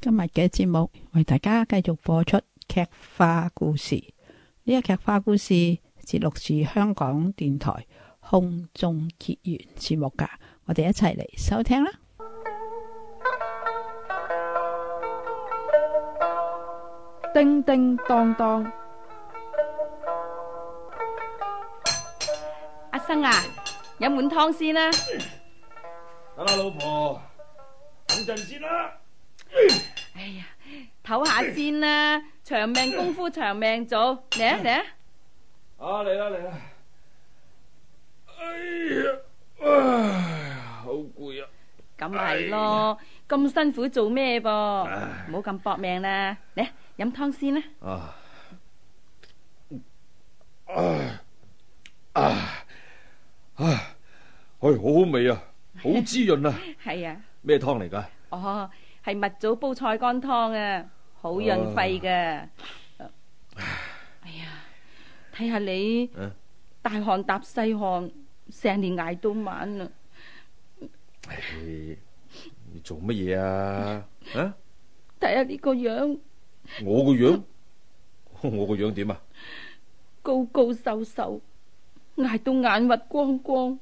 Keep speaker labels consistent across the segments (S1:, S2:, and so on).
S1: 今日嘅節目為大家繼續播出劇化故事，呢個劇化故事節錄自香港電台空中結緣節目噶，我哋一齊嚟收聽啦！
S2: 叮叮當當，
S3: 阿生啊，飲碗湯先啦，
S4: 等下老婆等陣先啦。
S3: 哎呀，唞下先啦，長命功夫長命做嚟啊嚟
S5: 啊！啊嚟啦嚟啦！哎呀，唉，好攰啊！
S3: 咁係咯，咁辛苦做咩噃？唔好咁搏命啦！嚟飲湯先啦。
S4: 啊，唉，唉，唉，唉，好好味啊，好滋潤啊。係啊。咩湯嚟㗎？哦。
S3: 係蜜棗煲菜乾湯啊，好潤肺嘅。哎呀，睇下你，大汗搭細汗，成年挨到晚啦。
S4: 唉，你做乜嘢啊？
S3: 睇下呢個樣。
S4: 我個樣，我個樣點啊？
S3: 高高瘦瘦，挨到眼核光光，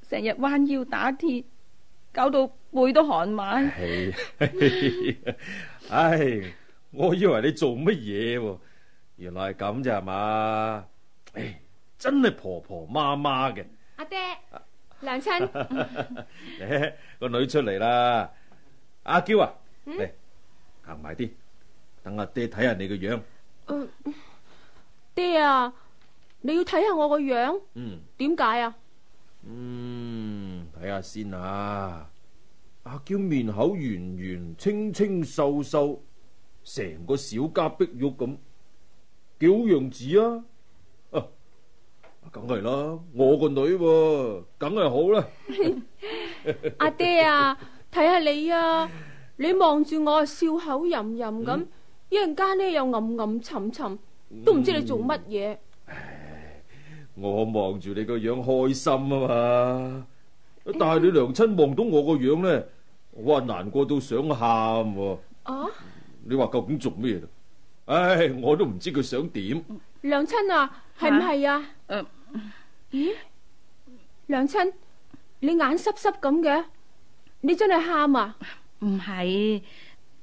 S3: 成日彎腰打鐵。搞到背都寒埋。
S5: 係。唉，
S4: 我以為你做乜嘢？原來係咁啫，係嘛？唉，真係婆婆媽媽嘅。
S2: 阿爹，娘親，
S4: 個女出嚟啦。阿嬌啊，嚟，行埋啲，等阿爹睇下你個樣。
S2: 爹啊，你要睇下我個樣？嗯，點解啊？
S4: 嗯，睇下先啊！阿嬌面口圓圓，清清瘦瘦，成個小家碧玉咁，幾好樣子啊！啊，梗係啦，我個女，梗係好啦。
S2: 阿 爹啊，睇下你啊，你望住我笑口吟吟咁，嗯、一陣間呢又暗暗沉沉，都唔知你做乜嘢。嗯
S4: 我望住你個樣開心啊嘛，但係你娘親望到我個樣咧，我話難過到想喊。哦、啊，你話究竟做咩？唉，我都唔知佢想點。
S2: 娘親啊，係唔係啊？嗯、啊、啊、咦，娘親你眼濕濕咁嘅，你真係喊啊？唔係，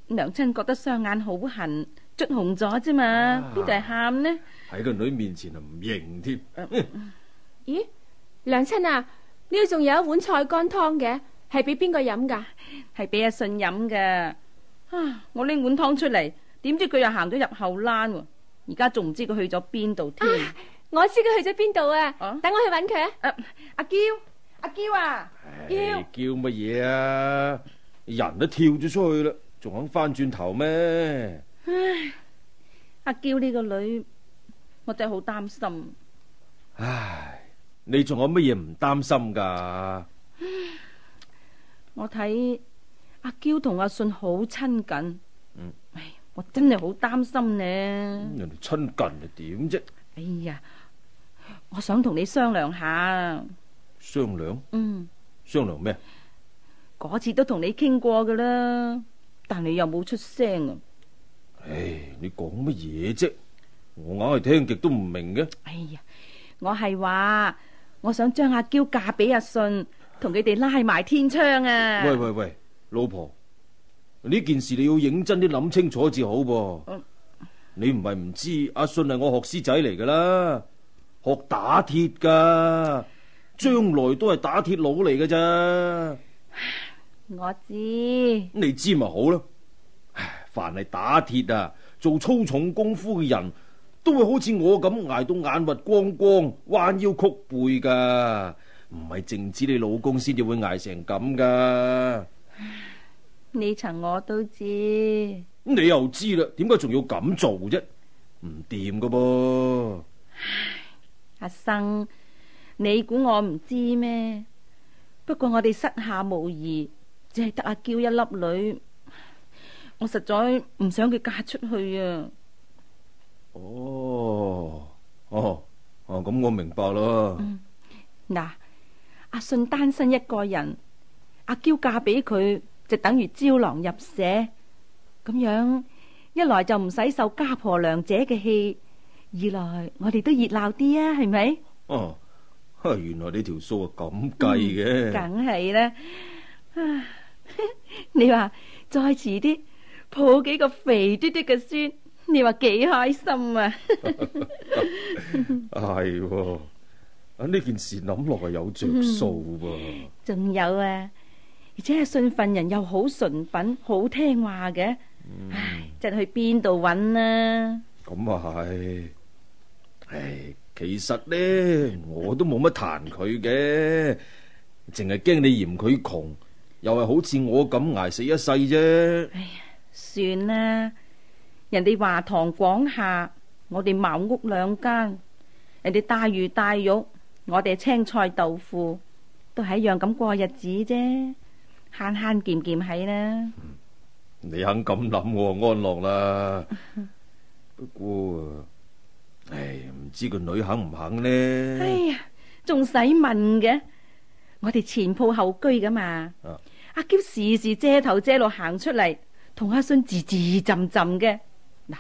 S2: 娘
S3: 親覺得雙眼好痕。卒紅咗啫嘛，邊度係喊呢？
S4: 喺個女面前啊，唔認添。
S2: 咦，娘親啊，呢度仲有一碗菜乾湯嘅，係俾邊個飲噶？係俾阿信飲噶。啊，我拎碗湯
S3: 出嚟，點知佢又行咗入後欄喎？而家仲唔知佢去咗邊度添？
S2: 我知佢去咗邊度啊！等、啊、我去搵佢、啊啊啊。阿阿嬌，阿嬌啊，
S4: 你叫乜嘢啊？人都跳咗出去啦，仲肯翻轉頭咩？
S3: 唉，阿嬌呢個女，我真係好擔心。
S4: 唉，你仲有乜嘢唔擔心噶？
S3: 我睇阿嬌同阿信好親近，嗯唉，我真係好擔心呢
S4: 啊。人哋親近又點啫？
S3: 哎呀，我想同你商量下。
S4: 商量？嗯，商量咩？
S3: 嗰次都同你傾過噶啦，但你又冇出聲啊。
S4: 唉，你講乜嘢啫？我硬係聽極都唔明嘅。
S3: 哎呀，我係話，我想將阿嬌嫁俾阿信，同佢哋拉埋天窗啊！喂
S4: 喂喂，老婆，呢件事你要認真啲諗清楚至好噃。嗯、你唔係唔知，阿信係我學師仔嚟噶啦，學打鐵噶，將來都係打鐵佬嚟噶咋。
S3: 我知，你
S4: 知咪好咯。凡係打鐵啊，做粗重功夫嘅人，都會好似我咁挨到眼滑光光、彎腰曲背噶，唔係淨止你老公先至會挨成咁噶。
S3: 你曾我都知，
S4: 你又知啦，點解仲要咁做啫？唔掂噶噃。
S3: 唉，阿生，你估我唔知咩？不過我哋膝下無疑，只係得阿嬌一粒女。我實在唔想佢嫁出去
S5: 啊！哦，哦，
S4: 哦，咁我明白啦。
S3: 嗱，阿信單身一個人，阿嬌嫁俾佢就等於招郎入舍。咁樣一來就唔使受家婆娘姐嘅氣，二來我哋都熱鬧啲啊，係咪？
S4: 哦，原來呢條數咁計嘅，梗
S3: 係啦。你話再遲啲？抱幾個肥嘟嘟嘅孫，你話幾開心啊！
S4: 係啊，呢件事諗落係有着數噃。
S3: 仲有啊，而且係信份人又好純品，好聽話嘅。唉，就去邊度揾啦？
S4: 咁啊係。唉，其實咧，我都冇乜彈佢嘅，淨係驚你嫌佢窮，又係好似我咁挨死一世啫。
S3: 算啦，人哋華堂廣廈，我哋茅屋兩間，人哋大魚大肉，我哋青菜豆腐，都係一樣咁過日子啫，慳慳儉儉喺呢？
S4: 你肯咁諗，啊，安樂啦，啊。不過，唉，唔知個女肯唔肯呢？哎
S3: 呀，仲使問嘅？我哋前鋪後居噶嘛。阿嬌時時遮頭遮路行出嚟。同阿信字字浸浸嘅，嗱，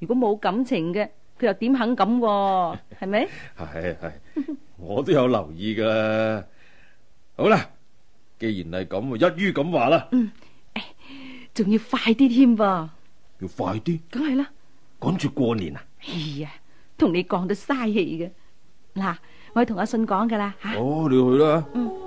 S3: 如果冇感情嘅，佢又點肯咁？係咪？
S4: 係係，我都有留意噶。好啦，既然係咁，一於咁話啦。嗯，誒，仲要快啲添
S3: 噃，
S4: 要快啲，梗係啦，趕住過年啊！
S3: 哎呀，同你講到嘥氣嘅，嗱，我去同阿信講噶啦
S4: 吓。好，你去啦。嗯。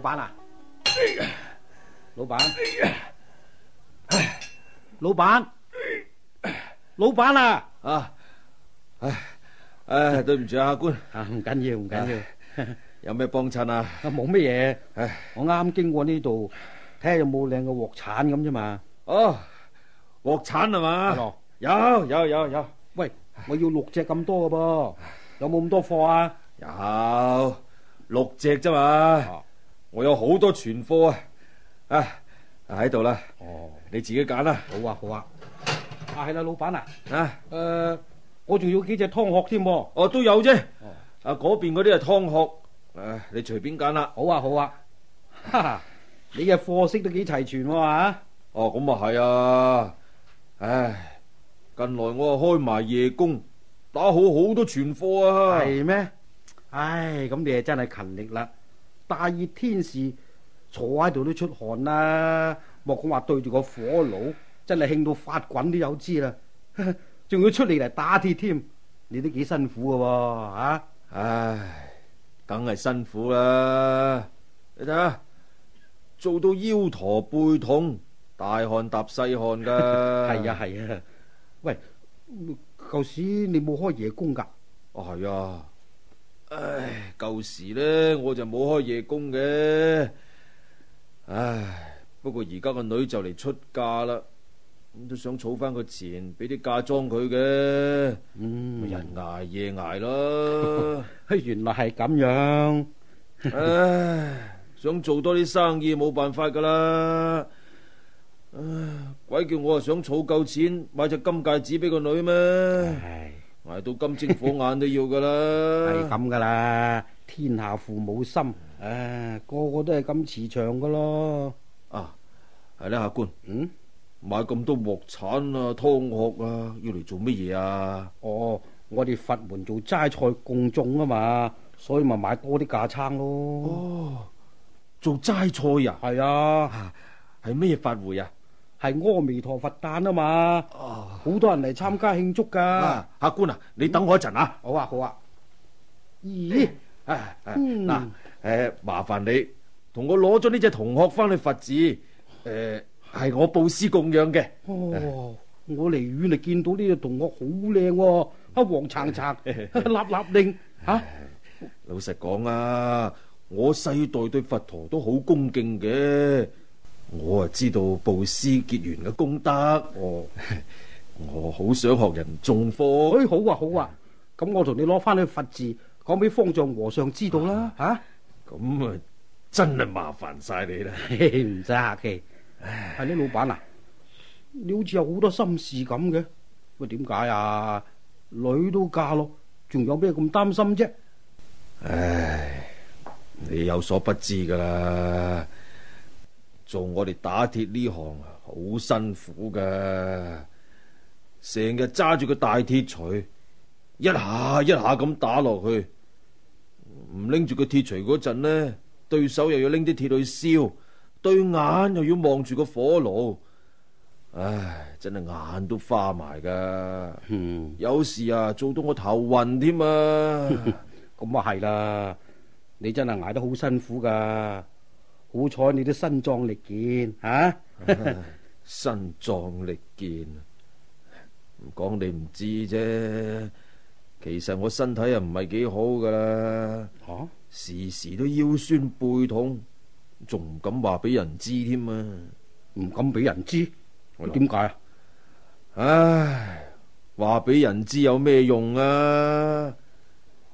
S4: 老闆啊，老闆，老闆，老闆啊！啊，唉唉，對唔住啊，客官。啊，唔緊要，唔緊要。有咩幫襯啊？啊，冇乜嘢。唉，我啱經過呢度，睇下有冇靚嘅鑊鏟咁啫嘛。哦，鑊鏟係嘛？有有有有。喂，我要六隻咁多㗎噃，有冇咁多貨啊？有六隻啫嘛。我有好多存貨啊！啊喺度啦，哦、你自己揀啦。好啊，好啊。啊係啦，老闆啊，啊，我仲要幾隻湯殼添。哦，都有啫。啊，嗰邊嗰啲係湯殼。誒，你隨便揀啦。好啊，好啊。哈哈，你嘅貨色都幾齊全吓、啊。哦、啊，咁啊係啊。唉，近來我開埋夜工，打好好多存貨啊。係咩？唉，咁你啊真係勤力啦。大熱天時坐喺度都出汗啦，莫講話對住個火爐，真係興到發滾都有知啦，仲要出嚟嚟打鐵添，你都幾辛苦嘅喎，啊，唉，梗係辛苦啦，你睇下做到腰駝背痛，大汗搭細汗噶。係 啊係啊，喂，舊時你冇開夜工噶？啊係啊。唉，舊時呢，我就冇開夜工嘅。唉，不過而家個女就嚟出嫁啦，咁都想儲翻個錢俾啲嫁妝佢嘅。嗯，人挨夜挨咯。嘿， 原來係咁樣。 唉，想做多啲生意冇辦法噶啦。唉，鬼叫我啊想儲夠錢買隻金戒指俾個女咩？唉。係到金睛火眼都要噶啦，係咁噶啦，天下父母心，唉、哎，個個都係咁慈祥噶咯。啊，係啦，客官，嗯，買咁多木鏟啊、湯殼啊，要嚟做乜嘢啊？哦，我哋佛門做齋菜供眾啊嘛，所以咪買多啲架撐咯。哦，做齋菜啊？係啊，係咩法會啊？係阿彌陀佛誕啊嘛，好、啊、多人嚟參加慶祝噶、啊。客官啊，你等我一陣啊。好啊，好啊。咦？嗱，誒，麻煩你同我攞咗呢隻同學翻去佛寺。誒、啊，係、啊、我布施供養嘅。啊、哦，我離遠嚟見到呢隻同學好靚、啊，啊，黃橙橙，立立令。吓、啊，啊啊啊啊、老實講啊，我世代對佛陀都好恭敬嘅。我啊知道布施結緣嘅功德，我我好想學人種福。好啊好啊，咁我同你攞翻去佛字，講俾方丈和尚知道啦吓。咁啊，啊真係麻煩晒你啦，唔 使客氣。係咧唉，你老闆啊，你好似有好多心事咁嘅。喂，點解啊？女都嫁咯，仲有咩咁擔心啫？唉，你有所不知噶啦。做我哋打鐵呢行啊，好辛苦噶，成日揸住個大鐵錘，一下一下咁打落去，唔拎住個鐵錘嗰陣呢，對手又要拎啲鐵去燒，對眼又要望住個火爐，唉，真係眼都花埋噶， 有時啊，做到我頭暈添啊，咁啊係啦，你真係捱得好辛苦噶好彩你都身壯力健吓、啊 啊，身壯力健唔講你唔知啫。其實我身體又唔係幾好噶啦，啊、時時都腰酸背痛，仲唔敢話俾人、啊、人知添啊？唔敢俾人知，點解啊？唉，話俾人知有咩用啊？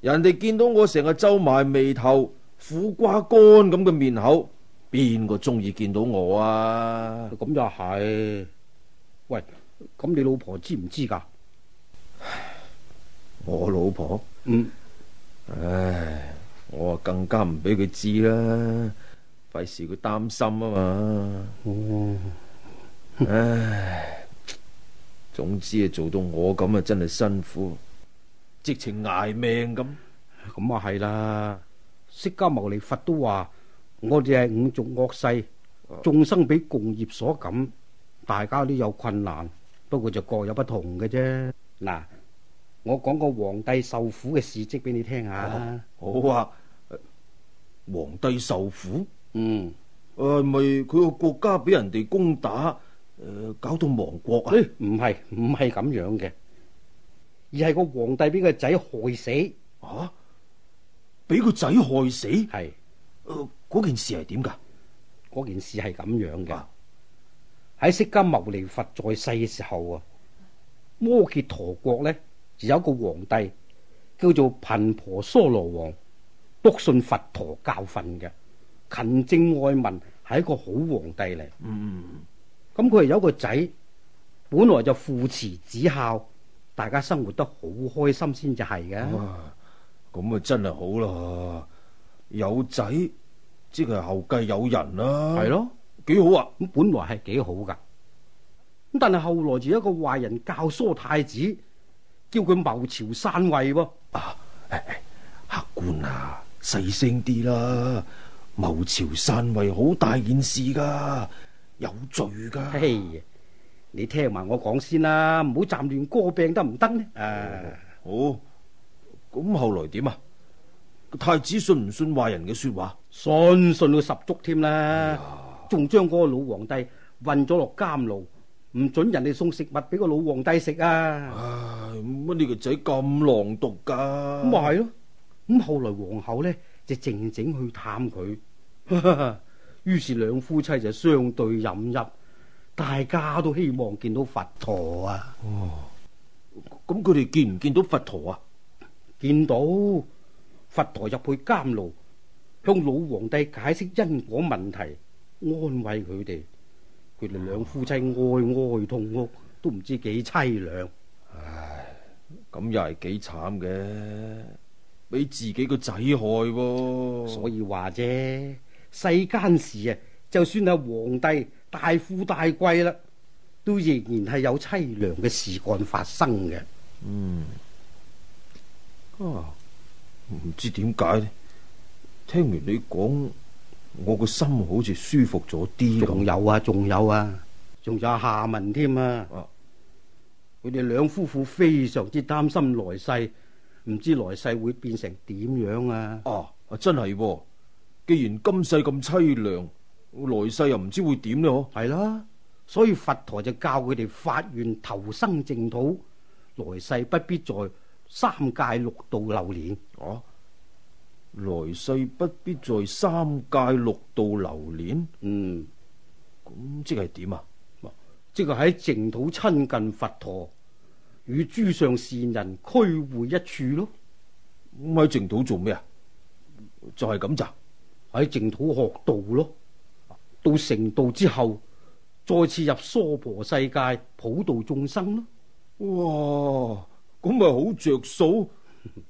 S4: 人哋見到我成日皺埋眉頭、苦瓜乾咁嘅面口。邊個中意見到我啊？咁又係，喂，咁、啊、你老婆知唔知噶？ 我老婆，嗯，唉，我啊更加唔俾佢知啦，費事佢擔心啊嘛。啊嗯、 唉，總之啊做到我咁啊真係辛苦，直情挨命咁。咁啊係啦，釋迦牟尼佛都話。我哋係五濁惡世，眾生俾共業所感，大家都有困難，不過就各有不同嘅啫。嗱，我講個皇帝受苦嘅事蹟俾你聽下。好啊，皇帝受苦？嗯，誒，咪佢個國家俾人哋攻打，誒，搞到亡國啊？唔係，唔係咁樣嘅，而係個皇帝俾個仔害死。啊？俾個仔害死？係。嗰件事係點噶？嗰件事係咁樣嘅，喺、啊、釋迦牟尼佛在世嘅時候啊，摩揭陀國呢就有一個皇帝叫做頻婆娑羅王，篤信佛陀教訓嘅，勤政愛民係一個好皇帝嚟。嗯嗯，咁佢係有一個仔，本來就父慈子孝，大家生活得好開心先至係嘅。咁啊真係好啦，有仔。即係後繼有人啦、啊，係咯，幾好啊！咁本來係幾好噶，咁但係後來就有一個壞人教唆太子，叫佢謀朝篡位喎、啊。啊、哎，客官啊，細聲啲啦，謀朝篡位好大件事噶，有罪噶。嘿，你聽埋我講先啦，唔好站亂過病得唔得呢？啊，好，咁後來點啊？太子信唔信壞人嘅說話？信，信到十足添啦，仲將嗰個老皇帝運咗落監牢，唔准人哋送食物俾個老皇帝食啊！乜你個仔咁狼毒噶、啊？咁咪係咯，咁後來皇后呢，就靜靜去探佢，於是兩夫妻就相對飲泣，大家都希望見到佛陀啊！哦，咁佢哋見唔見到佛陀啊？見到，佛陀入去監牢。向老皇帝解釋因果問題，安慰佢哋。佢哋兩夫妻哀哀痛哭，都唔知幾凄涼。唉，咁又係幾慘嘅，俾自己個仔害喎、啊。所以話啫，世間事啊，就算係皇帝大富大貴啦，都仍然係有凄涼嘅事幹發生嘅。嗯，啊，唔知點解呢？聽完你講，我個心好似舒服咗啲。仲有啊，仲有啊，仲有下文添啊！佢哋兩夫婦非常之擔心來世，唔知來世會變成點樣啊？哦、啊，真係、啊，既然今世咁淒涼，來世又唔知會點咧、啊？嗬，係啦，所以佛台就教佢哋發願投生淨土，來世不必在三界六道流年。哦、啊。來世不必在三界六道流連。嗯，咁即係點啊？即係喺淨土親近佛陀，與諸上善人俱會一處咯。咁喺淨土做咩啊？就係咁咋，喺淨土學道咯。到成道之後，再次入娑婆世界，普度眾生咯。哇，咁咪好着數。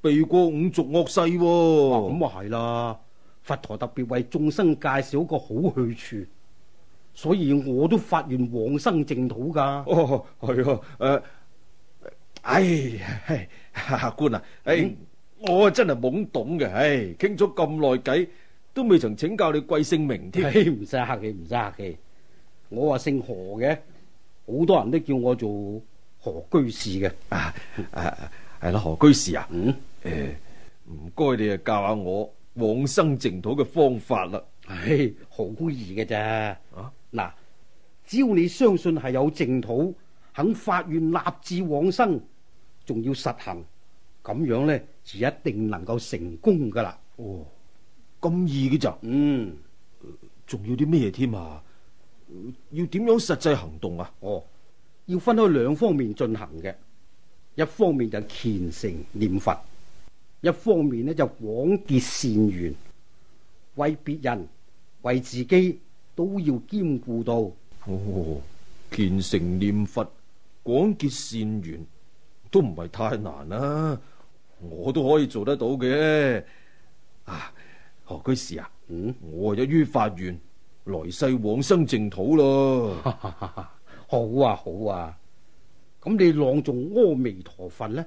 S4: 避過五族惡世。啊，咁啊係啦！佛陀特別為眾生介紹一個好去處，所以我都發願往生淨土噶。哦，係誒、啊，唉、呃，客、哎哎哎、官啊，誒、哎，嗯、我真係懵懂嘅，唉、哎，傾咗咁耐偈，都未曾請教你貴姓名添。唔使，哎、客氣，唔使客氣，我話姓何嘅，好多人都叫我做何居士嘅，啊。啊！係啦，何居士啊，誒、嗯，唔該、欸、你啊教下我往生淨土嘅方法啦。唉，好易嘅啫，嗱，啊、只要你相信係有淨土，肯發願立志往生，仲要實行，咁樣呢，就一定能夠成功噶啦。哦，咁易嘅咋？嗯，仲、呃、要啲咩嘢添啊？要點樣實際行動啊？哦，要分開兩方面進行嘅。一方面就虔誠念佛，一方面呢就廣結善緣，為別人、為自己都要兼顧到。哦，虔誠念佛、廣結善緣都唔係太難啦，啊，我都可以做得到嘅。啊，何居士啊，嗯，我一於發願來世往生淨土咯。 好啊，好啊。咁你朗誦阿彌陀佛咧，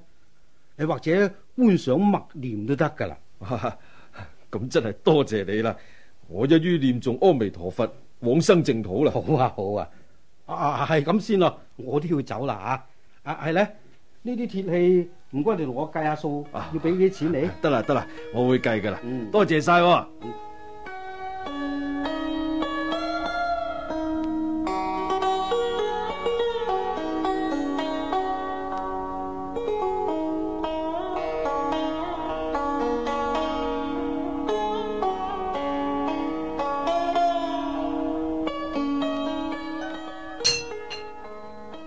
S4: 你或者觀想默念都得噶啦。咁真係多謝你啦，我一於念誦阿彌陀佛往生淨土啦。好啊，好啊，啊係咁先啦，我都要走啦吓。啊係咧，呢啲鐵器唔該你同我計下數，要俾幾錢你？得啦得啦，我會計噶啦，多謝晒。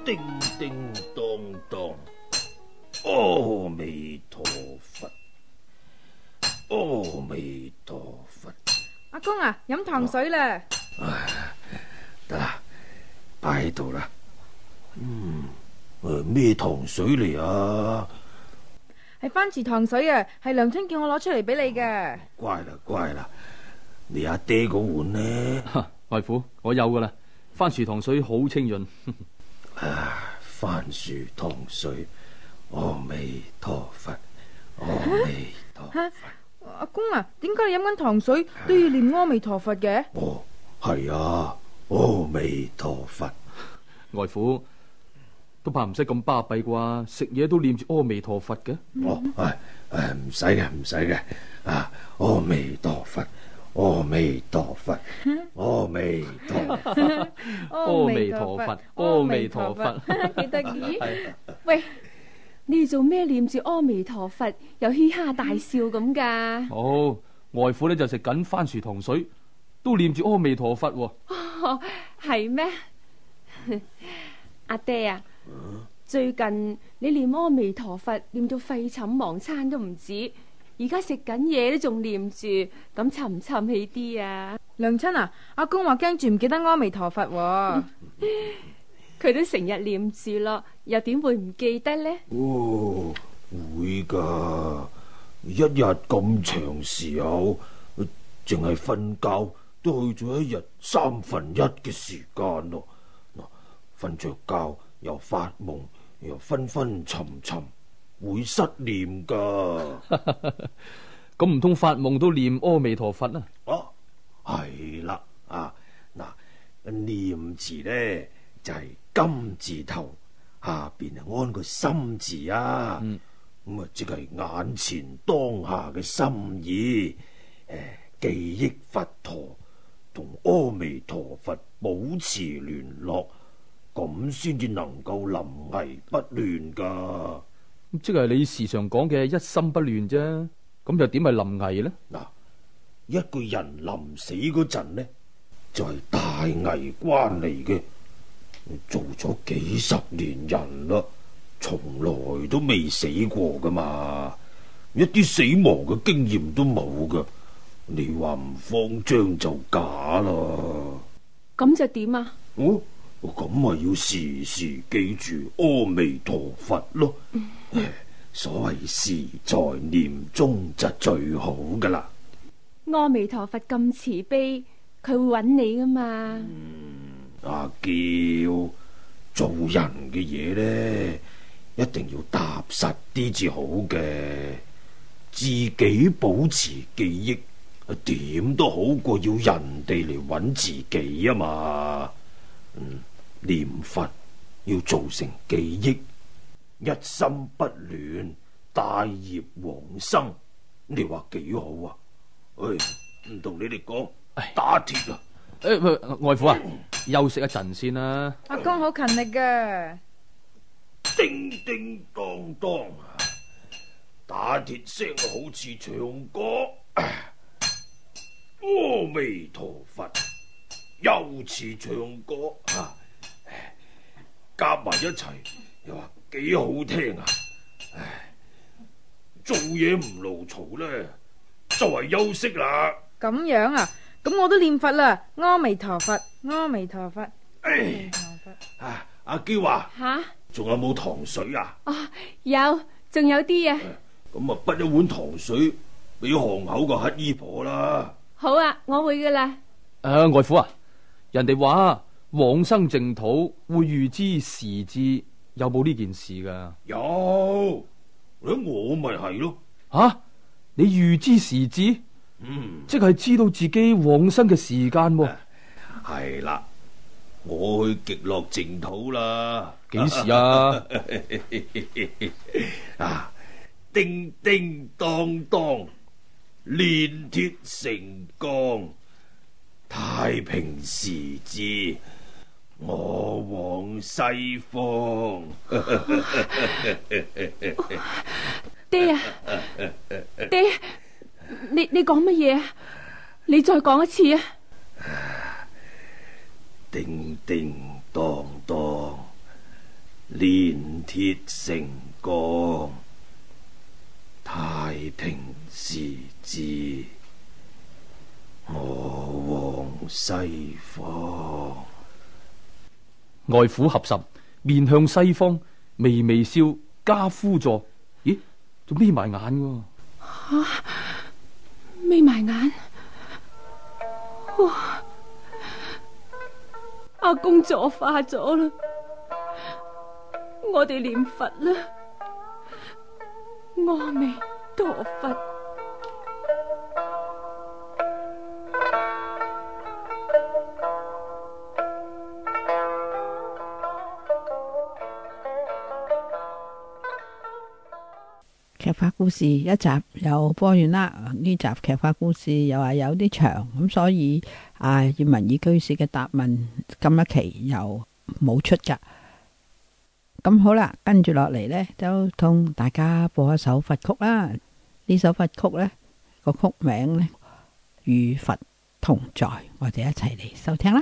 S4: 叮叮噹噹，阿彌陀佛，阿彌陀佛。
S1: 阿公啊，飲糖水啦！
S4: 得啦，擺喺度啦。嗯，咩糖水嚟啊？
S1: 係番薯糖水啊，係娘親叫我攞出嚟俾你嘅、嗯。
S6: 乖啦，乖啦，你阿爹嗰碗呢？ 外父，我有噶啦，番薯糖水好清潤。
S4: 啊！番薯糖水，阿彌陀佛，阿
S1: 彌陀佛。阿公啊，點、啊、解、啊、你飲緊糖水都要念阿彌陀佛嘅？哦、啊，
S6: 係啊，啊，阿彌陀佛。外父，都怕唔使咁巴閉啩，食嘢都念住阿彌陀佛嘅。哦、啊，誒、啊、誒，
S4: 唔使嘅，唔使嘅。啊，阿彌陀佛。阿彌陀佛，阿彌陀
S5: 佛， 阿彌陀佛，
S4: 阿彌陀佛，幾
S6: 得幾
S2: 喂，你做咩念住阿彌陀佛，又嘻哈大笑咁噶？
S6: 好、 哦，外父呢就食緊番薯糖水，都念住阿彌陀佛。 哦，
S2: 係是咩？ 阿爹啊，最近你念阿彌陀佛念到廢寢忘餐都唔止。而家食緊嘢都仲念住，咁沉唔沉起啲啊？娘親啊，阿公話驚住唔記得阿彌陀佛，啊，佢 都成日念住咯，又點會唔記得呢？哦，
S4: 會噶，一日咁長時候，淨係瞓覺都去咗一日三分一嘅時間咯。嗱，瞓着
S6: 覺又發夢，又昏昏沉沉。會失念，噶？咁，唔通發夢都念阿彌陀佛啦？哦，
S4: 係啦啊嗱，念字呢就係金字頭下邊啊，安個心字啊，咁啊，即係眼前當下嘅心意誒，記憶佛陀同阿彌陀佛保持聯絡，咁先至能夠臨危不亂噶。
S6: 即係你時常講嘅一心不亂啫，咁又點係臨危呢？
S4: 嗱，一個人臨死嗰陣呢，就係、是、大危關嚟嘅。做咗幾十年人啦，從來都未死過噶嘛，一啲死亡嘅經驗都冇噶。你話唔慌張就假啦。
S2: 咁就點啊？嗯、
S4: 啊。咁咪要時時記住阿彌陀佛咯。 所謂時在念中就最好噶啦。
S2: 阿彌陀佛咁慈悲，佢會揾你噶嘛？
S4: 嗯、阿嬌做人嘅嘢呢，一定要踏實啲至好嘅。自己保持記憶，點都好過要人哋嚟揾自己啊嘛。嗯。念佛要造成記憶，一心不亂，帶業往生，你話幾好啊？誒，唔同你哋講打
S6: 鐵啊！誒、哎哎哎，外父啊，呃、休息一陣先啊。阿
S4: 公好勤力㗎，叮叮當當，打鐵聲好似唱歌，啊、阿彌陀佛，又似唱歌啊！夾埋一齊，又話幾好聽啊！唉，做嘢唔勞嘈啦，就為休息啦。
S1: 咁樣啊？咁我都
S2: 念佛啦，阿彌陀佛，阿彌陀佛。唉、
S4: 哎啊，阿嬌啊，吓哈，仲有冇糖水啊？
S2: 啊、哦，有，仲有啲啊。
S4: 咁啊、哎，滗一碗糖水俾巷口個乞衣婆啦。
S2: 好啊，我會噶啦。
S6: 誒、呃，外父啊，人哋話。往生淨土會預知時至，有冇呢件事㗎？
S4: 有，我咪係咯。
S6: 吓、啊，你預知時至，嗯、即係知道自己往生嘅時間、啊。
S4: 係啦、啊，我去極樂淨土啦。幾 時啊？
S6: 啊！
S4: 叮叮當當，煉鐵成鋼，太平時至。我往西方 爹、啊。爹啊、
S2: 啊，爹你你講乜嘢？你再講一次啊！
S4: 叮叮噹噹，煉鐵成鋼，太平時至，我
S6: 往西方。外府合十，面向西方，微微笑，加趺坐。咦，仲眯埋眼嘅？吓、
S2: 啊，眯埋眼？哇，阿公坐化咗啦！我哋念佛啦，阿彌陀佛。
S1: 劇法故事一集又播完啦，呢集劇法故事又係有啲長，咁所以啊，與民以居士嘅答問今一期又冇出噶，咁好啦，跟住落嚟呢都同大家播一首佛曲啦，呢首佛曲呢個曲名呢與佛同在，我哋一齊嚟收聽啦。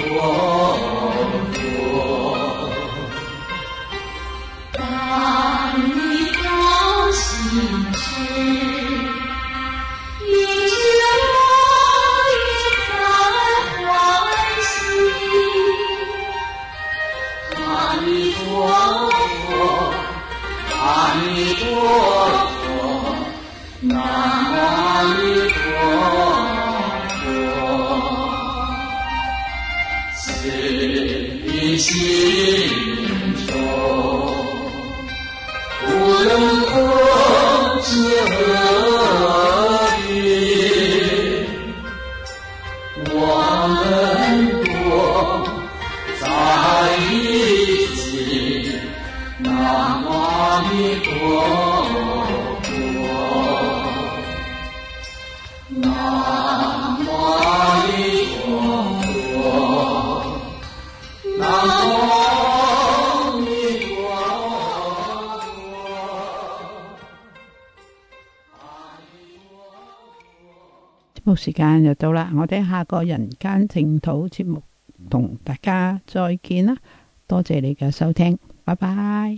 S1: 時間又到啦，我哋下個人間淨土節目同大家再見啦，多謝你嘅收聽，拜拜。